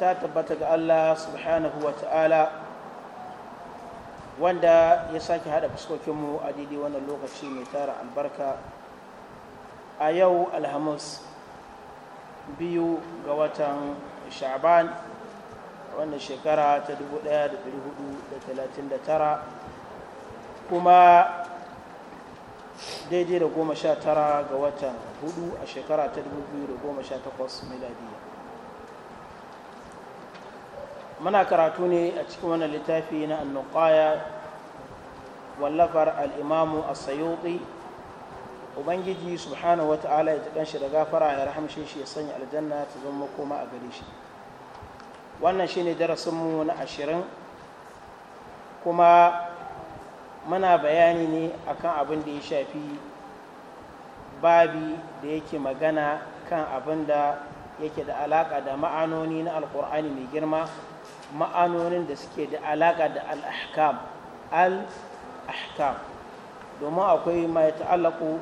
ta tabbata ga Allah subhanahu wa ta'ala wanda ya sake haɗa fuskokinmu a daidai wannan lokaci mai tara albarka a yau alhamis biyu ga watan sha'ban wannan shekara ta 1439 kuma daidai da goma sha tara ga watan hudu a shekara ta 2018 miladiyya muna karatu ne a cikin wannan littafi na annuqaya wallafar al'imamu a sayoɗi ubangiji subhanahu wa ta'ala ya taɓan shi da gafara ya rahamshe shi ya sanya aljanna ta zama koma a gare shi wannan shi ne darasinmu na ashirin kuma muna bayani ne akan abin da ya shafi babi da yake magana kan abin da yake da alaƙa da ma'anoni na alƙur'ani mai girma ma'anonin da suke da alaƙa da al-ahkam al-ahkam domin akwai ma ya ta'allaku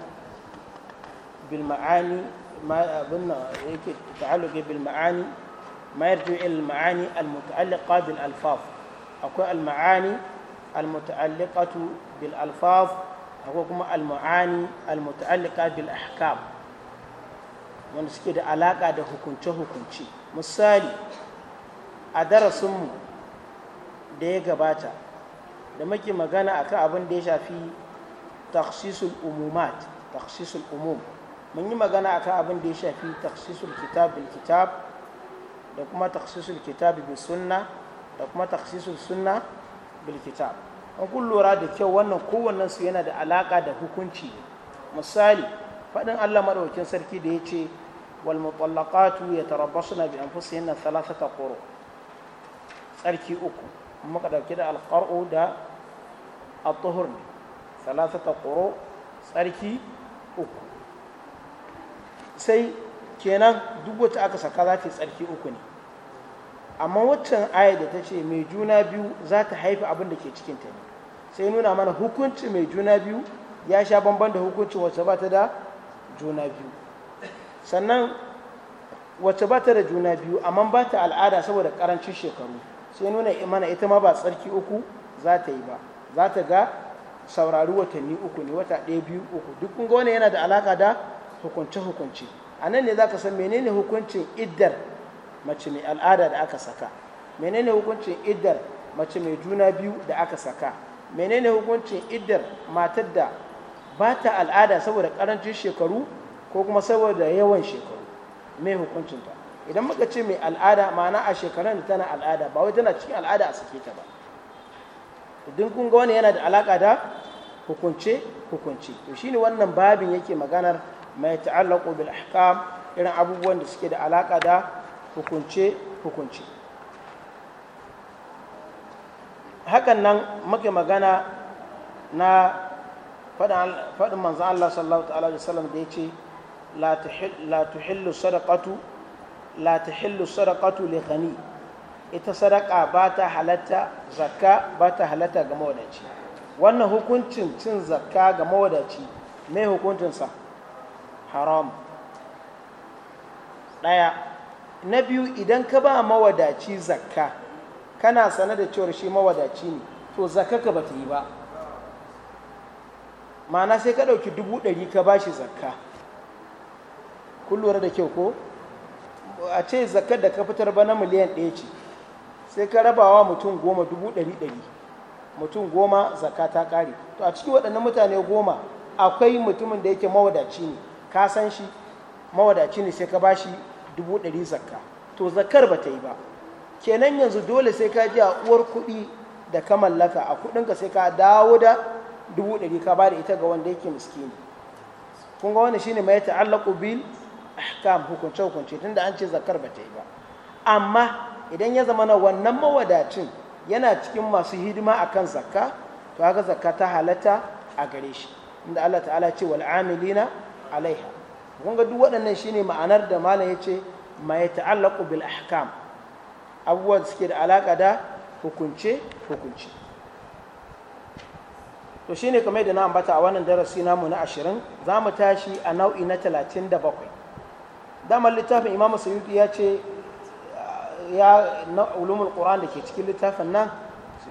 bil ma'ani ma abin yake ta'alluqi bil ma'ani ma yarju il ma'ani al muta'alliqa bil alfaf akwai al ma'ani al muta'alliqatu bil alfaf akwai kuma al ma'ani al muta'alliqa bil ahkam wanda suke da alaƙa da hukunce hukunci misali a darasinmu da ya gabata da muke magana a kan abin da ya shafi taksisul umumat taksisul umum mun yi magana a akan abin da ya shafi taksisul kitab bil kitab da kuma taksisul kitab bil sunna da kuma taksisul sunna bil kitab an kun lura da kyau wannan kowannen su yana da alaka da hukunci misali faɗin Allah maɗaukin sarki da ya ce wal mutallaqatu yatarabbasuna bi anfusihinna thalathata quru' tsarki uku muka ɗauki da alƙar'u da al-tuhur ne salasata ƙoro tsarki uku sai kenan duk wacce aka saka za ta tsarki uku ne amma waccan aya da ta ce mai juna biyu za ta haifi abin da ke cikinta ne sai nuna mana hukunci mai juna biyu ya sha bamban da hukunci wacce ba ta da juna biyu sannan wacce ba ta da juna biyu amma ba ta al'ada saboda karancin shekaru sai nuna mana ita ma ba tsarki uku za ta yi ba za ta ga saurari watanni uku ne wata ɗaya biyu uku duk kun wani yana da alaka da hukunce hukunce a nan ne za ka san menene hukuncin iddar mace mai al'ada da aka saka menene hukuncin iddar mace mai juna biyu da aka saka menene hukuncin iddar matar da ba ta al'ada saboda karancin shekaru ko kuma saboda yawan shekaru mai hukuncinta idan muka ce mai al'ada ma'ana a shekarun da tana al'ada ba wai tana cikin al'ada a sake ta ba idan kun ga wani yana da alaka da hukunce hukunce to shine wannan babin yake maganar mai ta'allaqu bil ahkam irin abubuwan da suke da alaka da hukunce hukunce hakan nan muke magana na faɗin manzan Allah sallallahu ta'ala da Salam da ya ce la tuhillu sadaqatu la hillu sadaqatu li ghani ita sadaka ba ta halatta zakka ba ta halatta ga mawadaci wannan hukuncin cin zakka ga mawadaci mai hukuncinsa haram ɗaya na biyu idan ka ba mawadaci zakka kana sane da cewar shi mawadaci ne to zakka ka ba ta yi ba ma'ana sai ka ɗauki dubu ɗari ka ba shi zakka kun lura da kyau ko a ce zakar da ka fitar bana miliyan ɗaya ce sai ka rabawa mutum goma dubu ɗari ɗari mutum goma zakka ta ƙare to a ciki waɗannan mutane goma akwai mutumin da yake mawadaci ne ka san shi mawadaci ne sai ka ba shi dubu ɗari zakka to zakar ba ta yi ba kenan yanzu dole sai ka ji a uwar kuɗi da ka mallaka a kuɗinka sai ka dawo da dubu ɗari ka ba da ita ga wanda yake miskini kun ga wani shine mai ta'allaqu bil ahkam hukunce hukunce tunda an ce zakar ba ta yi ba amma idan ya zama na wannan mawadacin yana cikin masu hidima akan zakka to haka zakka ta halatta a gare shi inda Allah ta'ala ce wal amilina alaiha kun ga duk waɗannan shine ma'anar da malam yace ma ya ta'allaqu bil ahkam abubuwan suke da alaka da hukunce hukunci. to shine kamar da na ambata a wannan darasi namu na 20 za mu tashi a nau'i na 37 damar littafin imam suyuti ya ce ya na ulumul qur'an da ke cikin littafin nan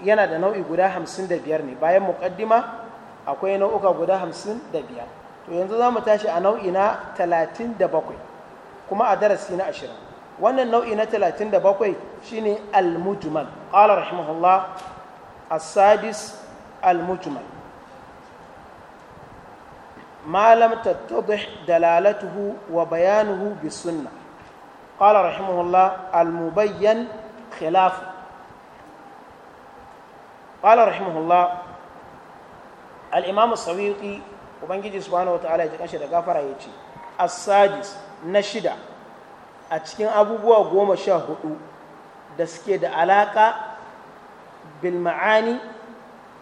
yana da nau'i guda hamsin da biyar ne bayan muqaddima akwai nau'uka guda hamsin da biyar to yanzu za mu tashi a nau'i na talatin da bakwai kuma a darasi na ashirin wannan nau'i na talatin da bakwai shine al-mujmal qala rahimahullah as-sadis al-mujmal malam da dalalatuhu wa bayanuhu bi sunna qala rahimahullah al mubayyan khilaf qala rahimahullah al imam as-sawiqi ubangiji subhanahu wa ta'ala ya kanshi da gafara yace as-sadis na shida a cikin abubuwa goma sha hudu da suke da alaka bil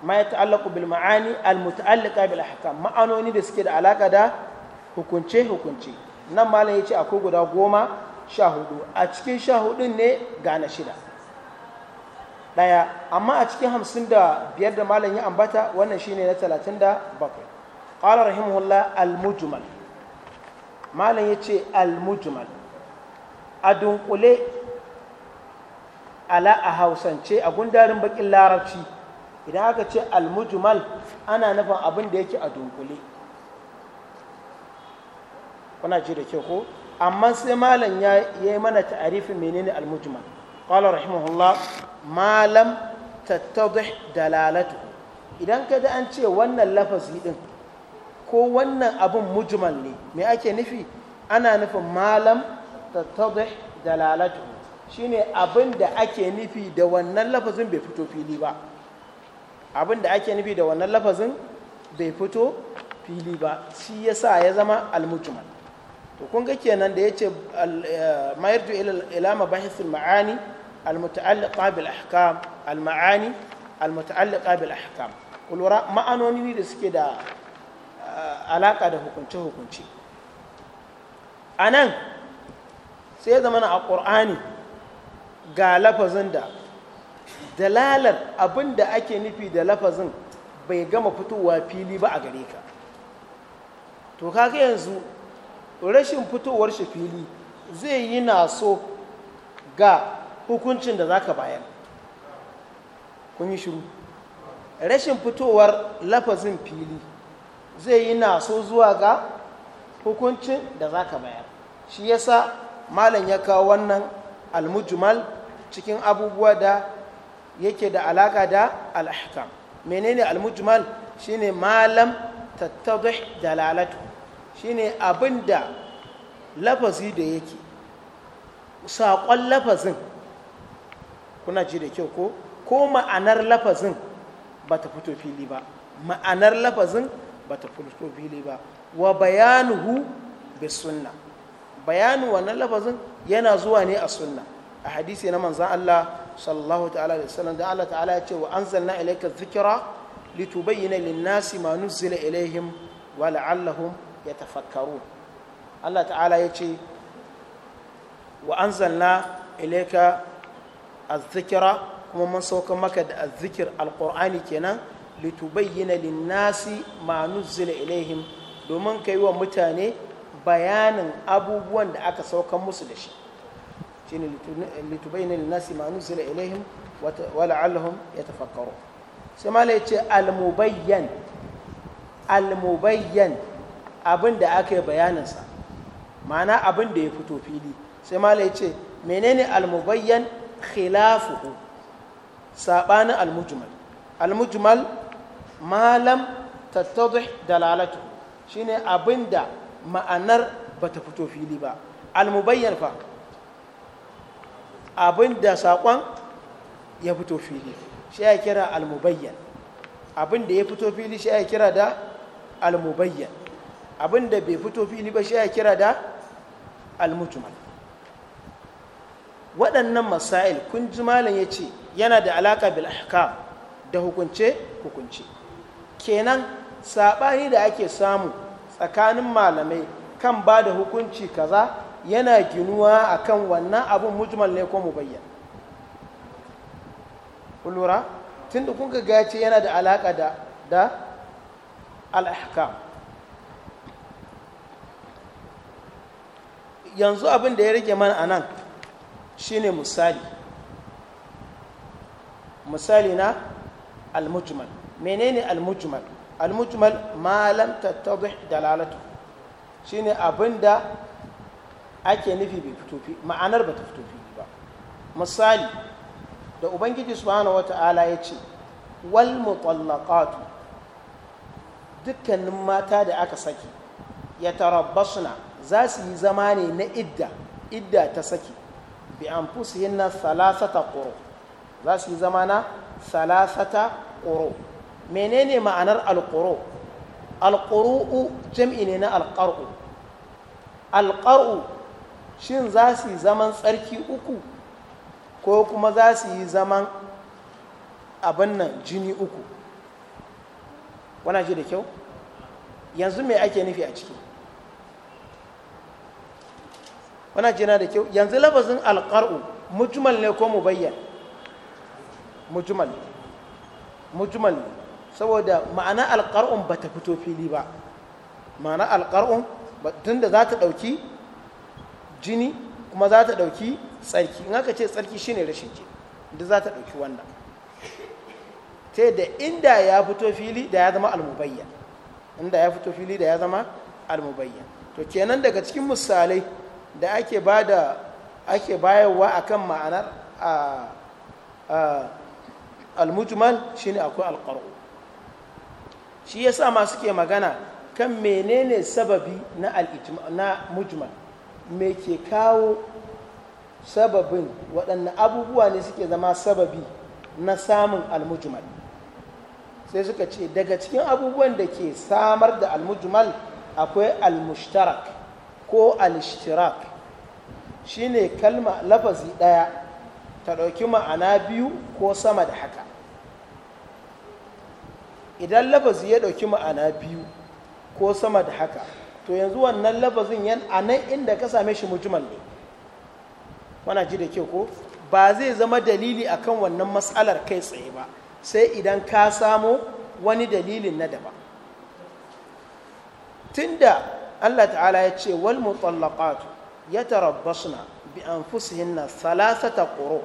ma ya ta'allaku bil ma'ani al muta'allika bil ahkam ma'anoni da suke da alaka da hukunce hukunce nan malam yace akwai guda goma sha hudu a cikin sha hudun ne gane shida daya amma a cikin hamsin da biyar da malam ya ambata wannan shine na talatin da bakwai qala rahimahullah al mujmal malam yace al mujmal a dunkule ala a hausance a gundarin bakin larabci idan aka ce almujmal ana nufin abin da yake a dunkule kuna ji da ke ko amma sai malam ya yi mana ta'arifin menene almujmal qala rahimahullah malam tattadih dalalatu idan ka da an ce wannan lafazi din ko wannan abin mujmal ne me ake nufi ana nufin malam tattadih dalalatu shine abin da ake nufi da wannan lafazin bai fito fili ba abin da ake nufi da wannan lafazin bai fito fili ba shi ya sa ya zama almujmal to kun ga kenan da yace da eh, ila mabahith al-ma'ani bil ahkam maani ƙabil bil ahkam kulura ma'anoni ne da suke da eh, alaka da hukunce hukunce anan sai ya zama a qur'ani ga lafazin da dalalar abin da ake nufi da lafazin bai gama fitowa fili ba a gare ka to kaga yanzu rashin fitowar shi fili zai yi naso ga hukuncin da za ka bayar kun yi shiru rashin fitowar lafazin fili zai yi naso zuwa ga hukuncin da za ka bayar shi yasa malam ya kawo wannan almujmal cikin abubuwa da yake da alaka da al’ahkam menene al-mujmal shine malam tattadih dalalatu shine da lafazi da yake saƙon lafazin kuna ji da kyau ko ma'anar lafazin ba ta fito fili ba ma'anar lafazin ba ta fito fili ba wa bayanuhu bi sunna bayanin wannan lafazin yana zuwa ne a sunna a hadisi na manzan Allah sallallahu ta'ala da sallam da Allah ta'ala ya ce wa anzalna ilayka dhikra litubayyana lin-nasi ma nuzila ilayhim wa la'allahum Allah ta'ala ya ce wa anzalna ilayka adh-dhikra kuma mun sauka maka da adh-dhikr al-qur'ani kenan litubayyana lin-nasi ma nuzila ilayhim domin kai wa mutane bayanin abubuwan da aka sauka musu da shi shine litubayyana lin-nasi ma nuzila ilaihim wa la'allahum ya sai mala yace almubayyan mubayyan abin da aka yi bayaninsa ma'ana abin da ya fito fili sai ma yace menene al-mubayyan khilafuhu sabanin almujmal mujmal al-mujmal ma dalalatu shine abin da ma'anar bata fito fili ba almubayyan fa abin da saƙon ya fito fili shi ya kira almubayyan abin da ya fito fili shi ya kira da almubayyan abin da bai fito fili ba shi ya kira da almutumal waɗannan masail kun ji malam ya ce yana da alaƙa bil ahkam da hukunce hukunce kenan saɓani da ake samu tsakanin malamai kan ba da hukunci kaza yana ginuwa a kan wannan abin mujmal ne ko mubayyan lura tun da kun ga ce yana da alaƙa da al'ahka. yanzu abin da ya rage mana anan shine misali misali na al-mujmal menene al-mujmal al-mujmal ma lam tattadih dalalatu shine abinda ake nufi bai fito fi ma'anar ba ta fito fi ba misali da ubangiji subhanahu wata'ala ya ce wal mutallaqatu dukkanin mata da aka saki ya tarabbasuna za su yi zama ne na idda idda ta saki bi anfusihinna thalathata quru za su yi zama na salasata quru menene ma'anar alquru alquru jam'i ne na alƙar'u alƙar'u shin za su yi zaman tsarki uku ko kuma za su yi zaman abin nan jini uku wana ji da kyau yanzu me ake nufi a ciki wana ji na da kyau yanzu labazin alƙar'u mujmal ne ko mubayyan mujmal mujmal ne saboda ma'ana alƙar'un ba ta fito fili ba ma'ana alƙar'un tun da za ta ɗauki jini kuma za ta ɗauki tsarki in aka ce tsarki shine rashin jini da za ta ɗauki wannan ta yadda inda ya fito fili da ya zama almubayya inda ya fito fili da ya zama almubayya to kenan daga cikin misalai da ake bada ake bayarwa akan ma'anar a almujmal shine akwai alqar'u shi yasa ma suke magana kan menene sababi na na me ke kawo sababin waɗanne abubuwa ne suke zama sababi na samun almujmal sai suka ce daga cikin abubuwan da ke samar da almujmal akwai almushtarak ko alishtirak ne kalma lafazi ɗaya ta ɗauki ma'ana biyu ko sama da haka idan lafazi ya ɗauki ma'ana biyu ko sama da haka to yanzu wannan lafazin yan a nan inda ka same shi mutumin ne wana ji da kyau ko ba zai zama dalili akan wannan matsalar kai tsaye ba sai idan ka samo wani dalilin na daban tunda Allah ta'ala ya ce wal mutallaqatu tarabbasna bi anfusihinna thalathata quru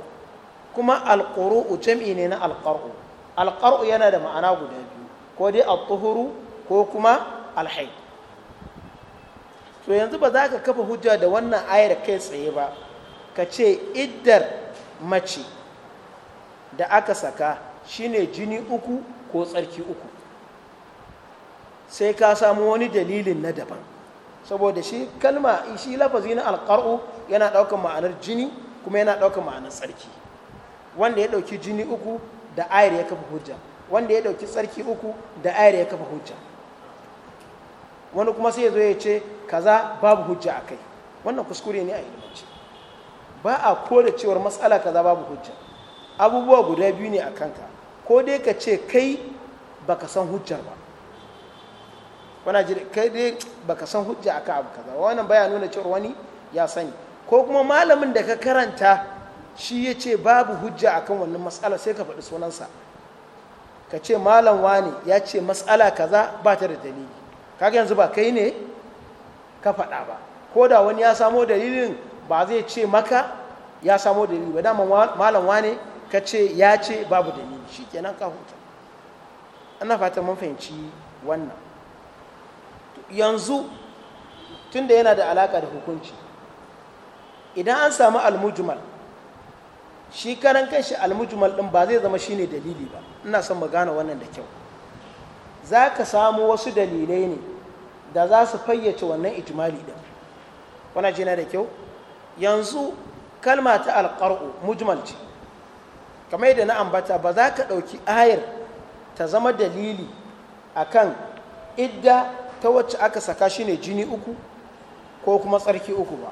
kuma alquru jam'i ne na alqaru alqaru yana da ma'ana guda biyu ko dai at-tuhuru ko kuma alhayd to yanzu ba za ka kafa hujja da wannan ayar kai tsaye ba ka ce iddar mace da aka saka shine jini uku ko tsarki uku sai ka samu wani dalilin na daban saboda shi kalma shi lafazi na alƙar'u yana ɗaukar ma'anar jini kuma yana ɗaukar ma'anar tsarki wanda ya ɗauki jini uku da ayar ya kafa hujja wanda ya ɗauki tsarki uku da ayar ya kafa hujja wani kuma sai ya zo ya ce kaza babu hujja a kai wannan kuskure ne a ilimance ba a kore cewar matsala kaza babu hujja abubuwa guda biyu ne a kanka ko dai ka ce kai baka san hujjar ba wana jira kai dai baka san hujja aka abu kaza wannan baya nuna cewar wani ya sani ko kuma malamin da ka karanta shi ya ce babu hujja akan wannan matsala sai ka faɗi sunansa ka ce malam ne ya ce matsala kaza ba ta da dalili kaga yanzu ba kai ne ka faɗa ba ko da wani ya samo dalilin ba zai ce maka ya samo dalili ba dama malam wane ka ce ya ce babu dalili shi kenan ka huta ana fatan mun fahimci wannan yanzu tun da yana da alaka da hukunci idan an samu almujmal shi karan kanshi almujmal ɗin ba zai zama shi ne dalili ba ina son mu gane wannan da kyau za ka samu wasu dalilai ne da za su fayyace wannan ijimali din wana jina da kyau yanzu kalma ta alƙar'u mujmal ce kamar yadda na ambata ba za ka ɗauki ayar ta zama dalili akan idda ta wacce aka saka shi ne jini uku ko kuma tsarki uku ba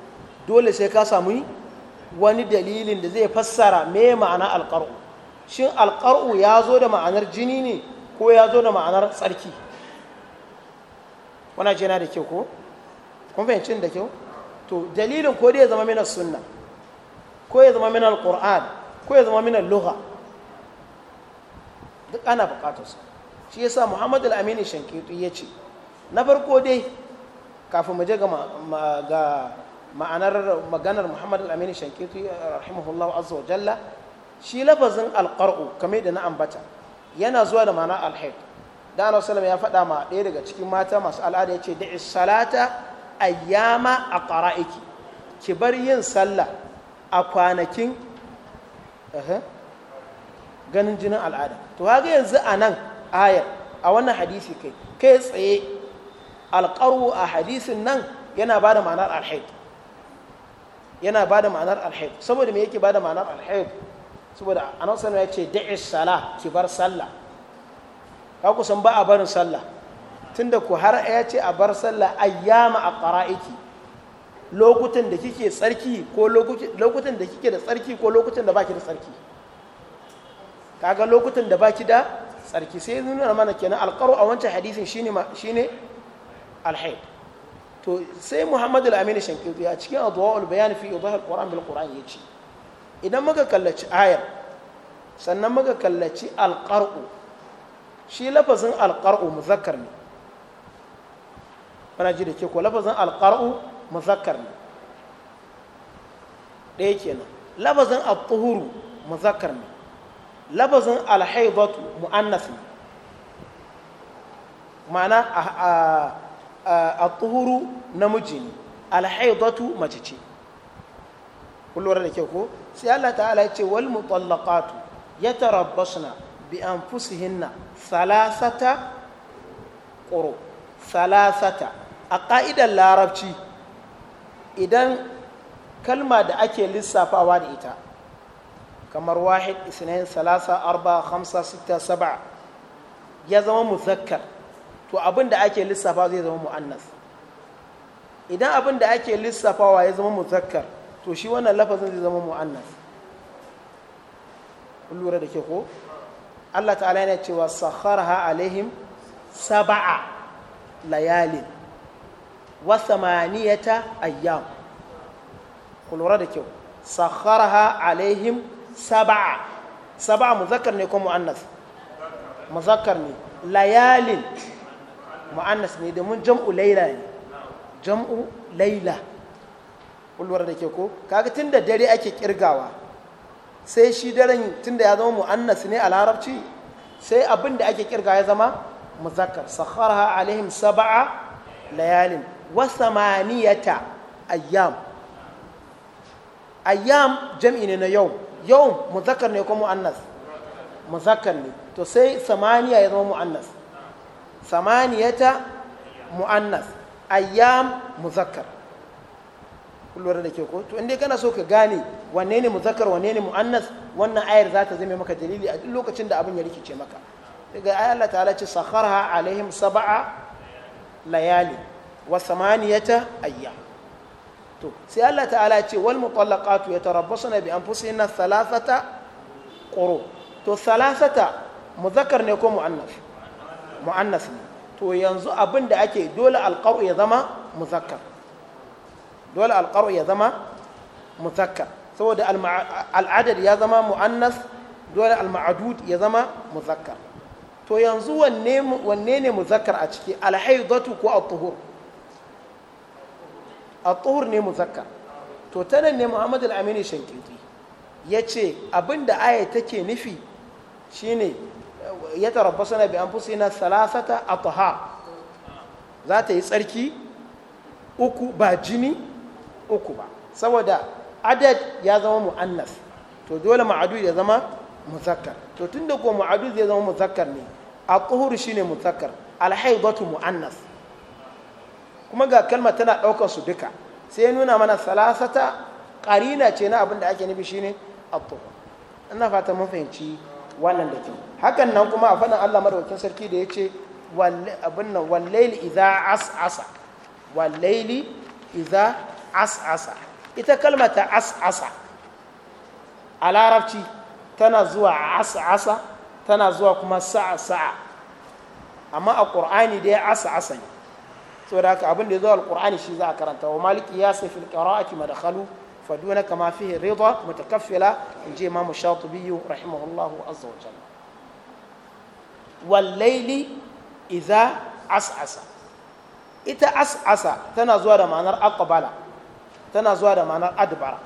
dole sai ka samu wani dalilin da zai fassara me ma'ana alƙar'u shin alƙar'u ya zo da ma'anar jini ne ko ya zo da ma'anar tsarki wana ce yana da kyau ko kun fahimci da kyau to dalilin ko dai ya zama minar sunna ko ya zama minar qur'an ko ya zama minar lugha duk ana bukatar su shi yasa muhammad al-amini shankiti ya ce na farko dai kafin mu je ga ma'anar maganar muhammad al-amini shankiti rahimahullahu azza wa jalla shi lafazin alqar'u kamar da na ambata yana zuwa da ma'ana alhaid da ana ya faɗa ma ɗaya daga cikin mata masu al'ada ya ce da salata ayyama a ƙara iki ki bar yin sallah a kwanakin ganin jinin al'ada to haka yanzu a nan ayar a wannan hadisi kai kai tsaye alƙaru a hadisin nan yana ba da ma'anar alhaif yana ba da ma'anar alhaif saboda me yake ba da ma'anar alhaif saboda sanar ya ce da'i sala ki bar sallah ka kusan ba a barin sallah tunda ku har ya ce a bar sallah ayyama a qara'iki lokutan da kike tsarki ko lokutan da kike da tsarki ko lokutan da baki da tsarki kaga lokutan da baki da tsarki sai nuna mana kenan alqaru a wancan hadisin shine shine alhayd to sai Muhammad al-Amin ya a cikin adwaul bayan fi idah al-Quran bil Quran yace idan muka kallaci ayar sannan muka kallaci alqaru shi lafazin alƙar'u muzakkar ne mana ji da ke ko lafazin alƙar'u muzakkar ne ɗaya kenan lafazin al-tuhuru muzakkar ne lafazin al-haibatu mu'annas ne ma'ana al-tuhuru namiji ne al-haibatu mace ce kullum da ke ko sai Allah ta'ala ya ce wal mutallaqatu yatarabbasna bi anfusihinna salasata ƙuro salasata a ƙa'idar larabci idan kalma da ake lissafawa da ita kamar wahid isnayin salasa arba hamsa sita saba ya zama muzakkar to abin da ake lissafa zai zama mu'annas idan abin da ake lissafawa ya zama muzakkar to shi wannan lafazin zai zama mu'annas lura da ke ko Allah ta'ala yana cewa sakharha alaihim saba'a layalin wa samaniyata ayyam ku lura da kyau sakharha alaihim saba'a saba'a muzakkar ne ko muannas muzakkar ne layalin muannas ne domin jam'u laila ne jam'u laila ku da kyau ko kaga tunda dare ake kirgawa sai shi daren tunda ya zama mu'annas ne a larabci sai abin da ake kirga ya zama muzakkar sakharha alaihim sab'a layalin wa samaniyata ayyam ayyam jam'i ne na yau yau muzakkar ne ko mu'annas muzakkar ne to sai samaniya ya zama mu'annas samaniyata mu'annas ayyam muzakkar kullum da ke ko to inda kana so ka gane wanne ne muzakkar wanne ne mu'annas wannan ayar za ta zame maka dalili a duk lokacin da abin ya rikice maka daga ayar Allah ta'ala ce sakharha alaihim sab'a layali wa samaniyata ayya to sai Allah ta'ala ce wal mutallaqatu yatarabbasuna bi anfusihinna thalathata quru to thalathata muzakkar ne ko mu'annas mu'annas ne to yanzu abin da ake dole alqaru ya zama muzakkar dole alqaru ya zama muzakkar saboda al'adad ya zama mu'annas dole al-ma'dud ya zama muzakkar to yanzu wanne ne muzakkar a ciki al-haidatu ko at-tuhur ne muzakkar to ta ne Muhammadu al-amini shankiti ya ce abinda aya take nufi shine ya tarabbasa na bi an fusi na salasata a za ta yi tsarki uku ba jini uku ba saboda adad ya zama mu'annas to dole ma'adu ya zama muzakkar to tunda ko ma'adu zai zama muzakkar ne a tuhur shine muzakkar alhaidatu mu'annas kuma ga kalma tana ɗaukar su duka sai ya nuna mana salasata ƙarina ce na abin da ake nufi shine at ina fata mun fahimci wannan da kyau hakan nan kuma a faɗin Allah madaukakin sarki da yace abin nan wallaili iza as'asa wallaili iza as'asa ita kalma ta as'asa a larabci tana zuwa as'asa tana zuwa kuma sa'a sa'a amma a ƙur'ani dai as'asa ne saboda haka abin da ya zo alƙur'ani shi za a karanta wa maliki ya sai qira'ati madkhalu faduna kama fihi rida mutakaffila in ji imamu shatibi rahimahullahu azza wa jalla wal layli idza as'asa ita as'asa tana zuwa da ma'anar aqbala tana zuwa da ma'anar adbara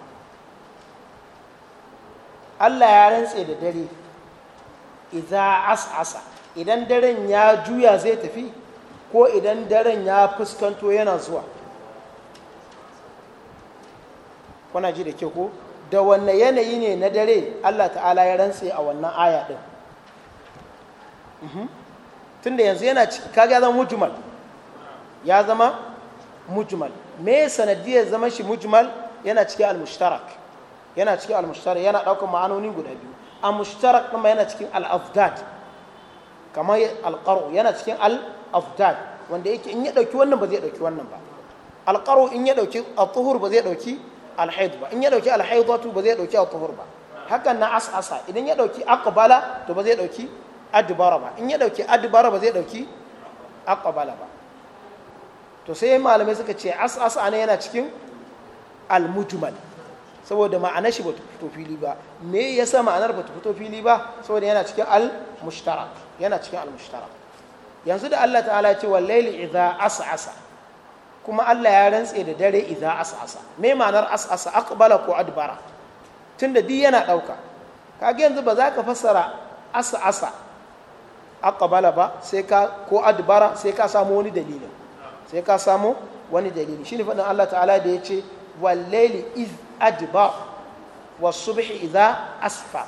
Allah ya rantse da dare idza as'asa idan daren ya juya zai tafi ko idan daren ya fuskanto yana zuwa kuna ji da ke ko da wanne yanayi ne na dare Allah ta'ala ya rantse a wannan aya din mhm. tunda yanzu yana ciki kaga ya zama mujmal ya zama mujmal me sanadiyar zama shi mujmal yana cikin almushtarak, yana cikin almushtarak yana ɗaukar ma'anoni guda biyu al-mushtarak kuma yana cikin al-afdad kamar al-qaru yana cikin al-afdad wanda yake in ya ɗauki wannan ba zai ɗauki wannan ba al-qaru in ya ɗauki al-tuhur ba zai ɗauki al ba in ya ɗauki al ba zai ɗauki al-tuhur ba hakan na as'asa idan ya ɗauki aqbala to ba zai ɗauki adbara ba in ya ɗauki adbara ba zai ɗauki aqbala ba to sai malamai suka ce as as ana yana cikin al-mujmal saboda ma'ana shi ba fito fili ba me yasa ma'anar ba ta fito fili ba saboda yana cikin al yana cikin al yanzu da Allah ta'ala ya ce wallaili idza as'asa kuma Allah ya rantse da dare idza as'asa me ma'anar as'asa aqbala ko adbara tunda di yana dauka kage yanzu ba za ka fassara as'asa aqbala ba sai ka ko adbara sai ka samu wani dalilin sai ka samu wani dalili shi ne faɗin Allah ta'ala da ya ce wallaili iz adba wa subhi iza asfa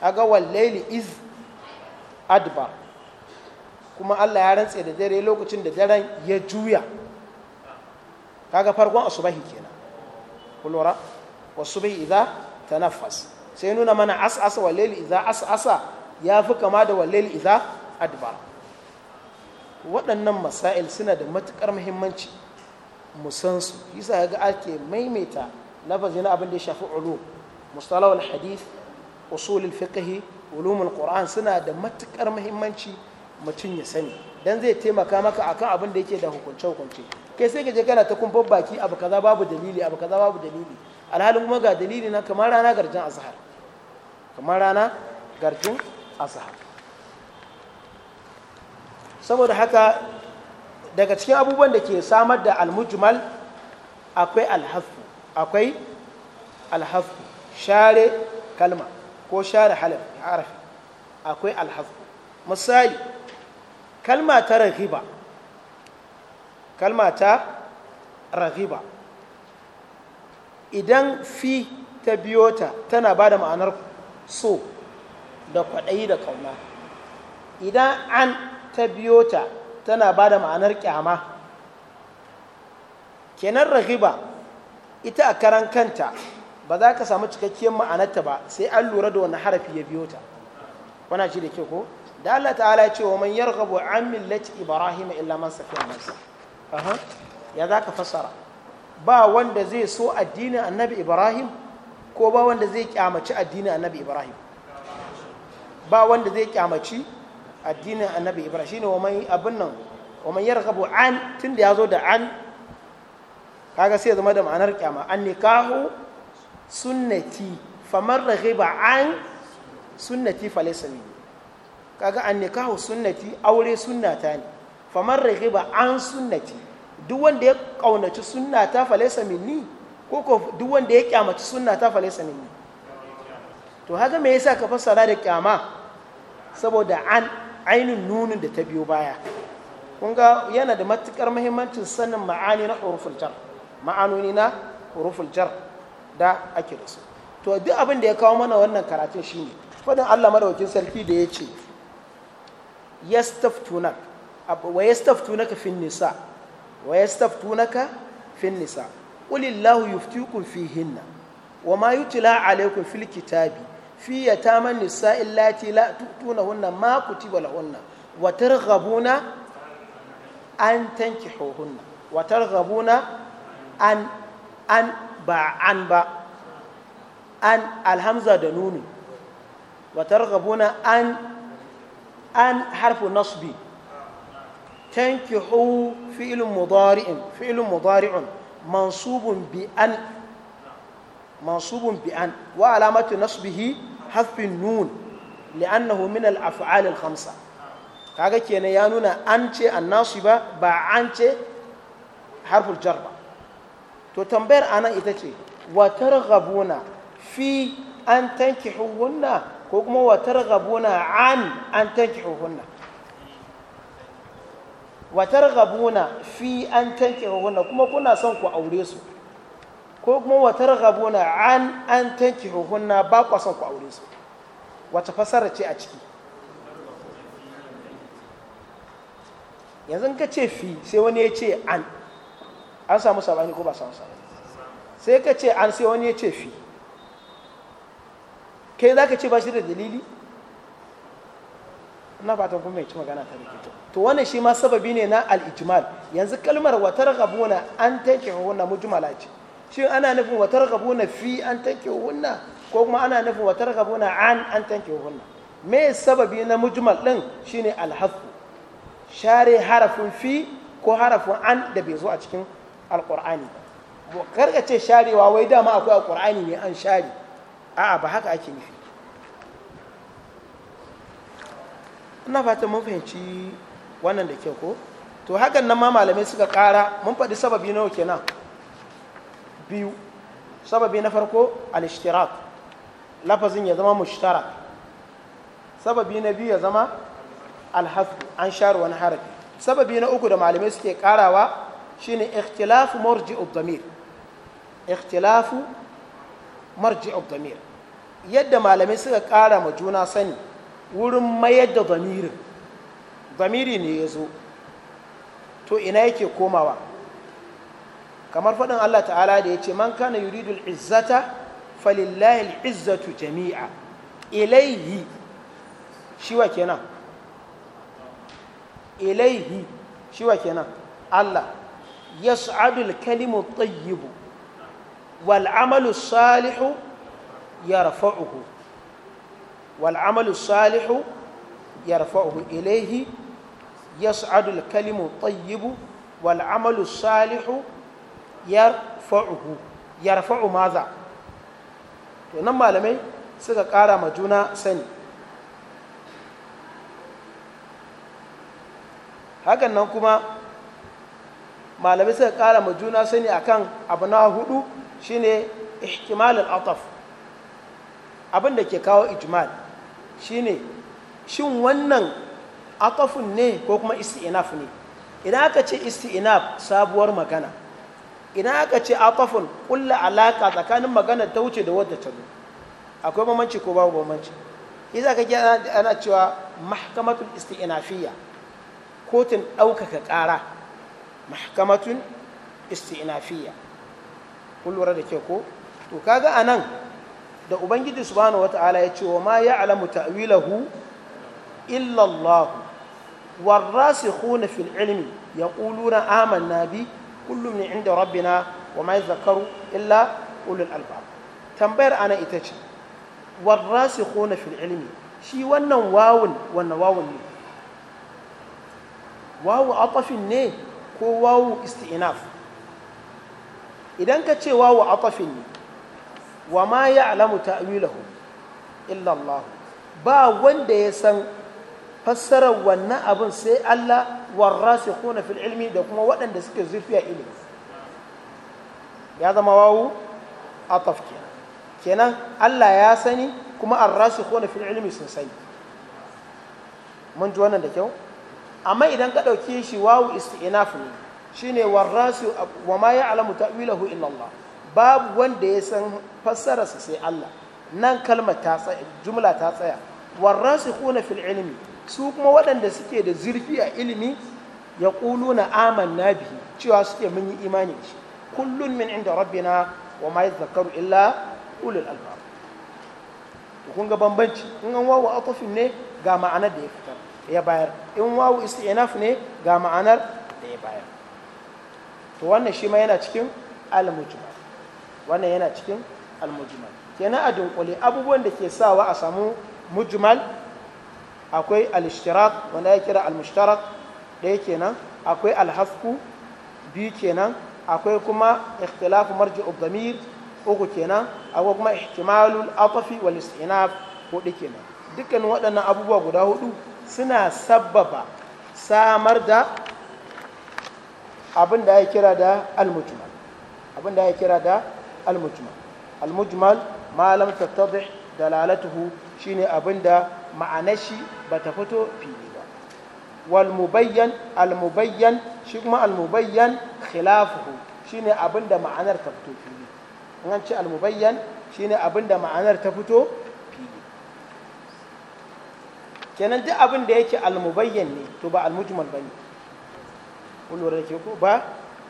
kaga wallaili iz adba kuma Allah ya rantse da dare lokacin da daren ya juya kaga farkon asubahi kenan kulura wa subhi ta tanaffas sai nuna mana as'asa wallaili iza as'asa ya fi kama da wallaili iza adba waɗannan masail suna da matuƙar muhimmanci mu san su yasa ga ake maimaita lafazi na abin da ya shafi ulum al hadith al fiqh ulumul qur'an suna da matuƙar muhimmanci mutum ya sani dan zai taimaka maka akan abin da yake da hukunce hukunce kai sai ka je kana ta kumfan baki abu kaza babu dalili abu kaza babu dalili alhalin kuma ga dalili na kamar rana garjin azhar kamar rana garjin azhar saboda haka daga cikin abubuwan da ke samar da almujmal akwai alhafu akwai alhafu share kalma ko share harafi akwai alhafu misali kalma ta rahiba kalma ta rahiba idan fi ta biyota tana ba da ma'anar so da kwaɗayi da kauna idan an ta biyo ta tana ba da ma'anar kyama kenan ragiba ita a karan kanta ba za ka samu cikakkiyar ma'anarta ba sai an lura da wani harafi ya biyo ta wana shi da ke ko da Allah ta'ala ya ce wa man yarghabu an millati ibrahim illa man safiya nafsa aha ya za ka fassara ba wanda zai so addinin annabi ibrahim ko ba wanda zai kyamaci addinin annabi ibrahim ba wanda zai kyamaci addinin annabi ibrahim shine wa mai abin nan wa mai yar yarghabu an tunda ya zo da an kaga sai ya zama da ma'anar kyama an kahu sunnati da ba an sunnati falaysa kaga an kahu sunnati aure sunnata ne famar da ba an sunnati duk wanda ya kaunaci sunnata falaysa ne ko ko duk wanda ya kyamaci sunnata falaysa ne to haka me yasa ka fassara da kyama saboda an ainihin nunin da ta biyo baya kun ga yana da matukar mahimmancin sanin ma'ani na huruful jar ma'anoni na huruful da ake da su to duk abin da ya kawo mana wannan karatun shine Faɗin Allah maraukin sarki da ya ce yastaftunak wa yastaftunaka fin nisa wa yastaftunaka fin nisa yuftikum fihinna wa ma yutla alaykum fil kitabi fi yataman nisa'il lati la hunna ma kutiba lahunna wa targhabuna an tankihuhunna wa targhabuna an an ba an ba an alhamza da nunu wa targhabuna an an harfu nasbi تنكحوا فعل مضارع فعل مضارع منصوب بأن منصوب بأن وعلامة نصبه حذف النون لأنه من الأفعال الخمسة kaga kenan ya nuna an ce annasu ba ba an ce harful jarba ba to tambayar anan ita ce wa targhabuna fi an tankihuhunna ko kuma wa targhabuna an an tankihuhunna wa targhabuna fi an tankihuhunna kuma kuna son ku aure su ko kuma wata ragabuna an an tanki hukunna ba kwa son ku aure su wata fasara ce a ciki yanzu ka ce fi sai wani ya ce an an samu sabani ko ba samu sabani sai ka ce an sai wani ya ce fi kai za ka ce ba shi da dalili na fatan kuma mai ci magana ta da to wannan shi ma sababi ne na al yanzu kalmar wata gabona an tanki hukunna mujmala ce shin ana nufin wa na fi an tanke hunna? ko kuma ana nufin wa na an an hunna? me sababi na mujmal din shine alhafu share harafin fi ko harafin an da bai zo a cikin alqur'ani ba karka ce sharewa wai dama akwai alqur'ani ne an share a'a ba haka ake nufi ina fata mun fahimci wannan da ke ko to hakan nan ma malamai suka kara mun faɗi sababi nawa kenan biyu sababi na farko al-ishtirak lafazin ya zama mushtarak sababi na biyu ya zama al an share wani harafi sababi na uku da malamai suke karawa shine ikhtilafu marji'ud damir ikhtilafu marji'ud damir yadda malamai suka kara ma juna sani wurin mayar da damirin damiri ne ya zo to ina yake komawa kamar faɗin Allah ta'ala da ya ce man kana yuridul izzata falillahi izzatu jami'a ilaihi shi wa kenan ilaihi shi wa kenan Allah yas'adul kalimu tayyibu wal amalu salihu yarfa'uhu wal amalu salihu yarfa'uhu ilaihi yas'adul kalimu tayyibu wal amalu salihu yarfa'uhu yarfa'u maza to nan malamai suka ƙara ma juna sani hakan nan kuma malamai suka ƙara ma juna sani akan abu na hudu shine ihtimalin ataf abin da ke kawo ijmal shine shin wannan atafun ne ko kuma isti'naf ne idan aka ce isti'naf sabuwar magana ina aka ce atafun kulla alaka tsakanin magana ta wuce da wadda ta akwai bambanci ko babu bambanci idan ka ga ana cewa mahkamatul isti'nafiyya kotun ɗaukaka ƙara mahkamatun isti'nafiyya kun lura da ke ko to kaga anan da ubangiji subhanahu wata'ala ya ce wa ma ya'lamu ta'wilahu illa Allah warasikhuna fil ilmi yaquluna amanna bi kullum ne inda rabbina wa ma zakaru illa ulul albab tambayar ana ita ce warrasikhuna fil ilmi shi wannan wawun wannan wawun ne wawu atafin ne ko wawu isti'naf idan ka ce wawu atafin ne wa ma ya'lamu ta'wilahu illa Allah ba wanda ya san fassarar wannan abin sai Allah warrasikhuna fil ilmi da kuma waɗanda suke zurfiya ilimi ya zama wawu a kenan kenan Allah ya sani kuma arrasikhuna fil ilmi sun sani mun ji wannan da kyau amma idan ka ɗauki shi wawu isti'naf ne shine warrasu wa ma ya'lamu ta'wilahu illa Allah babu wanda ya san fassararsa sai Allah nan kalmar ta tsaya jumla ta tsaya Warra warrasikhuna fil ilmi su kuma waɗanda suke da zurfi a ilimi ya ƙulu na aman na bihi cewa suke mun yi imanin shi kullun min inda rabbina wa ma zakaru illa ulul albab to kun ga bambanci in an wawu atufin ne ga ma'anar da ya fitar ya bayar in wawu isti'naf ne ga ma'anar da ya bayar to wannan shi ma yana cikin al-mujmal wannan yana cikin al-mujmal kenan a dunkule abubuwan da ke sawa a samu mujmal akwai al wanda ya kira al ɗaya kenan akwai alhafku biyu kenan akwai kuma ikhtilafu marji'u damir uku kenan akwai kuma ihtimalul atafi wal istinaf hudu kenan dukkan waɗannan abubuwa guda hudu suna sabbaba samar da abin da ya kira da almujmal abin da ya kira da al-mujmal ma lam tattadih dalalatuhu shine abin da ma'anar shi ba ta fito fili ba wal mubayyan al mubayyan shi kuma al mubayyan khilafuhu shine abin da ma'anar ta fito fili in an ce al mubayyan shine abin da ma'anar ta fito fili kenan duk abin da yake al mubayyan ne to ba al mujmal bane kun lura yake ko ba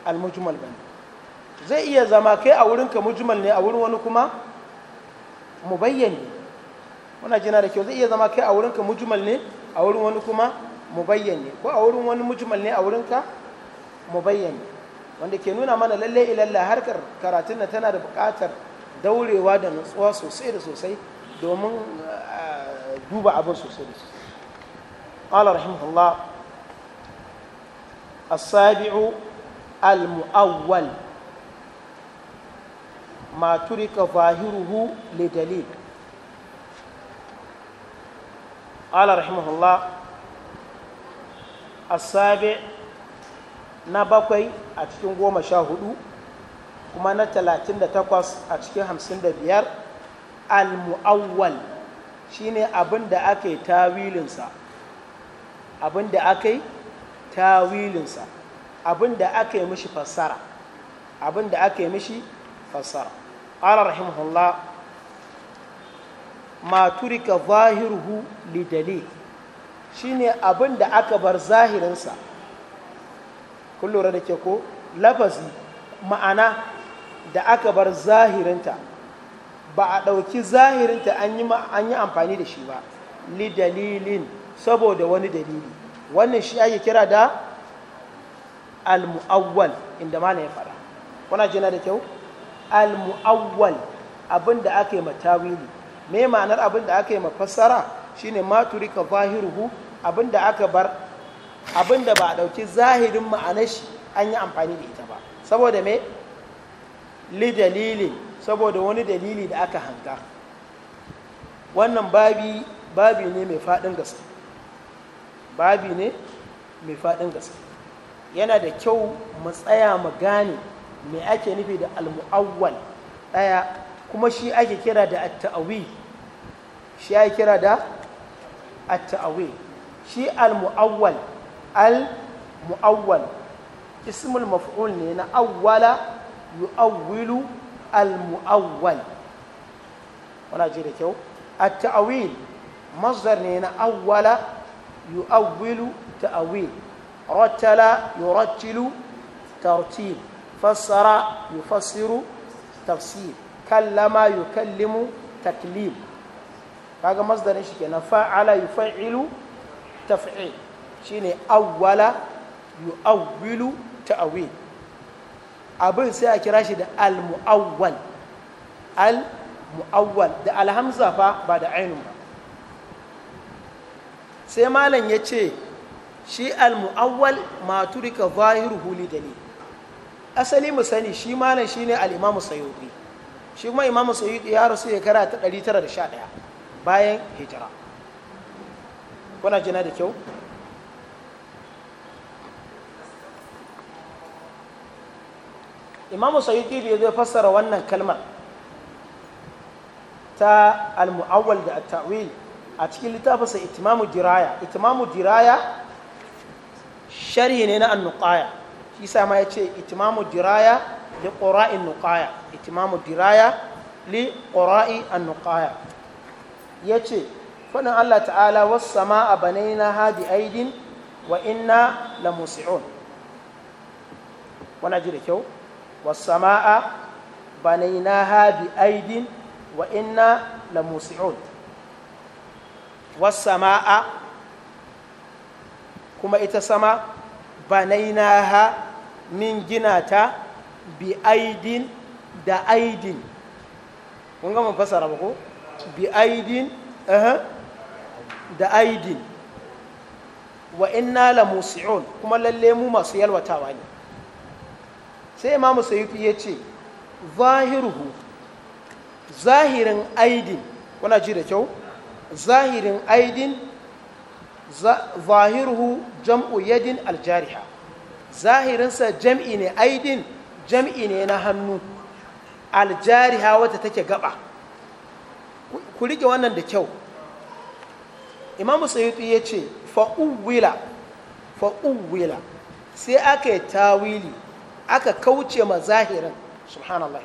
al mujmal bane zai iya zama kai a wurinka mujmal ne a wurin wani kuma mubayyan ne muna jina da kyau zai iya zama kai a wurinka mujmal ne a wurin wani kuma ko a wurin wani mujmal ne a wurinka wanda ke nuna mana lalle ilalla harkar karatun na tana da buƙatar daurewa da nutsuwa sosai da sosai domin eh, duba abin sosai da sosai قال رحمه الله السابع المؤول ما ترك ظاهره لدليل قال رحمه الله السابع نبقي أتكين قوم شاهدو كما نتلاتين تقص أتكين همسين دبيار a cikin abin da aka yi tawilinsa abin da aka yi tawilinsa abin da aka yi mishi fassara abin da aka yi mishi fassara ƙara rahimahullah ma turika zahiruhu lidali shine abin da aka bar zahirinsa kun lura da ke ko lafazi ma'ana da aka bar zahirinta ba a ɗauki zahirinta an yi amfani da shi ba lidalilin saboda wani dalili wannan shi ake kira da al-mu'awwal inda mana ya faɗa kuna jina da kyau al-mu'awwal abin da aka yi matawili me ma'anar abin da aka yi mafassara shine maturi ka zahiruhu abin da aka bar abin da ba a ɗauki zahirin ma'anar shi an yi amfani da ita ba saboda me li dalilin saboda wani dalili da aka hanga wannan babi babi ne mai faɗin gaske babi ne mai faɗin gaske yana da kyau mu tsaya mu gane me ake nufi da almu'awwal ɗaya kuma shi ake kira da at tawi shi ake kira da at tawi shi al-mu'awwal al-mu'awwal ismul maf'ul ne na awwala yu'awwilu al-mu'awwal wala ji da kyau at-ta'awil masdar ne na awwala yu'awwilu ta'awil rattala yurattilu tartil fassara yufassiru tafsir kallama yukallimu taklim kaga masdarin shi kenan fa'ala yuf'ilu taf'il shine awwala yu'awwilu ta'wil abin sai a kira shi da al-mu'awwal al-mu'awwal da alhamza fa ba da ainun ba sai malam ya ce shi al-mu'awwal ma turika zahiruhu li dalil asali mu sani shi malam shine al-imamu sayyidi shi kuma imamu sayyid ya rasu ya kara ta 911 bayan hijira kuna jina da kyau imamu sayyidi da zai fassara wannan kalmar ta al-mu'awwal da at-ta'wil a cikin littafinsa itimamu diraya itimamu diraya sharhi ne na annukaya. shi sa ma yace itimamu diraya li qura'in nuqaya itimamu diraya li qura'i an-nuqaya yace faɗin Allah ta'ala was samaa banayna hadi aidin wa inna la musi'un wana ji da kyau was samaa aidin wa kuma ita sama banaynaha min gina ta bi aidin da aidin kun gama fasara ba ko bi aidin da aidin wa inna la musi'un kuma lalle mu masu yalwatawa ne sai imamu sayyidi ya ce zahiruhu zahirin aidin Kuna ji da kyau zahirin aidin zahiruhu jam'u yadin aljariha zahirinsa jam'i ne aidin jam'i ne na hannu aljariha wata take gaba ku rike wannan da kyau imamu sayyidu ya ce fa'uwila fa'uwila sai aka yi tawili aka kauce ma zahirin subhanallah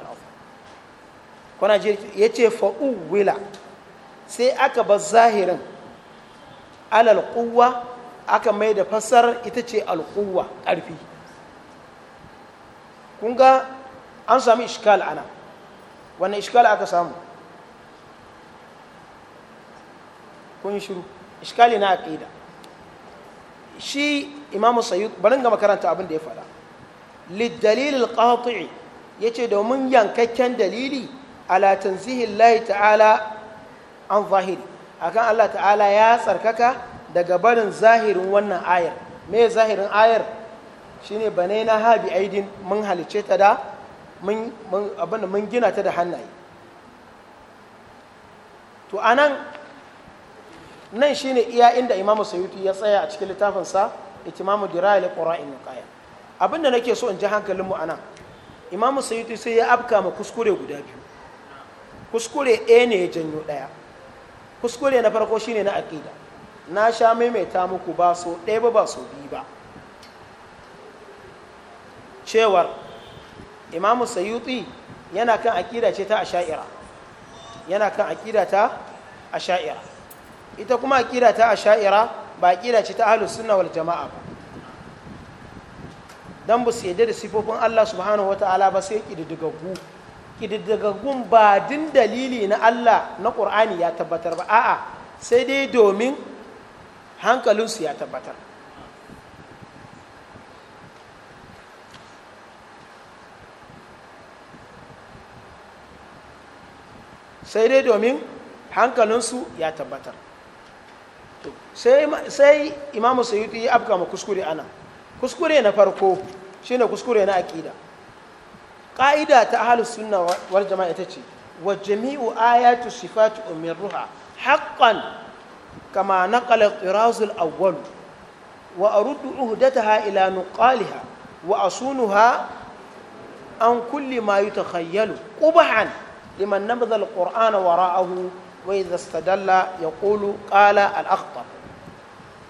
kuna ya ce fa'uwila sai aka ba zahirin alalƙuwa aka mai da fasar ita ce alƙuwa ƙarfi kun ga an sami ishkal ana wannan ishkal aka samu kun yi shiru Iskali na aqida shi imam sayyid barin ga makaranta abin da ya faɗa lidalil alqati'i yace domin yankakken dalili ala tanzihillahi Allah ta'ala an zahiri akan Allah ta'ala ya tsarkaka daga barin zahirin wannan ayar me zahirin ayar shine bane na habi aidin mun halice ta da abinda mun gina ta da hannaye to anan nan shine iya inda imamu sayuti ya tsaya a cikin littafinsa itimamu diraya qura'in nuqaya abinda nake so in ji hankalin mu anan imamu sayuti sai ya afka ma kuskure guda biyu kuskure ɗaya ne ya janyo ɗaya kuskure na farko shine na aƙida na sha maimaita muku ba so ɗaya ba ba so biyu ba cewar imamu sayuti yana kan aƙida ce ta asha'ira yana kan aƙida ta asha'ira ita kuma aƙida ta asha'ira ba aƙida ce ta ahalus sunna wal jama'a ba dan ba su yadda da sifofin Allah subhanahu ta'ala ba sai kididdigaggu kididdigaggun ba din dalili na Allah na ƙur'ani ya tabbatar ba a'a sai dai domin hankalinsu ya tabbatar sai dai domin hankalinsu ya tabbatar sai imamu sayuti ya afka ma kuskure ana kuskure na farko shine kuskure na aƙida ƙa'ida ta ahalus sunna wal jama'a ita ce wa jami'u ayatu sifatu min ruha haqqan kama naqala al-qiraz al-awwal wa aruddu ha ila nuqaliha wa sunuha an kulli ma yutakhayyalu qubahan liman nabdha alqur'ana wara'ahu wa idza istadalla yaqulu qala al-akhtar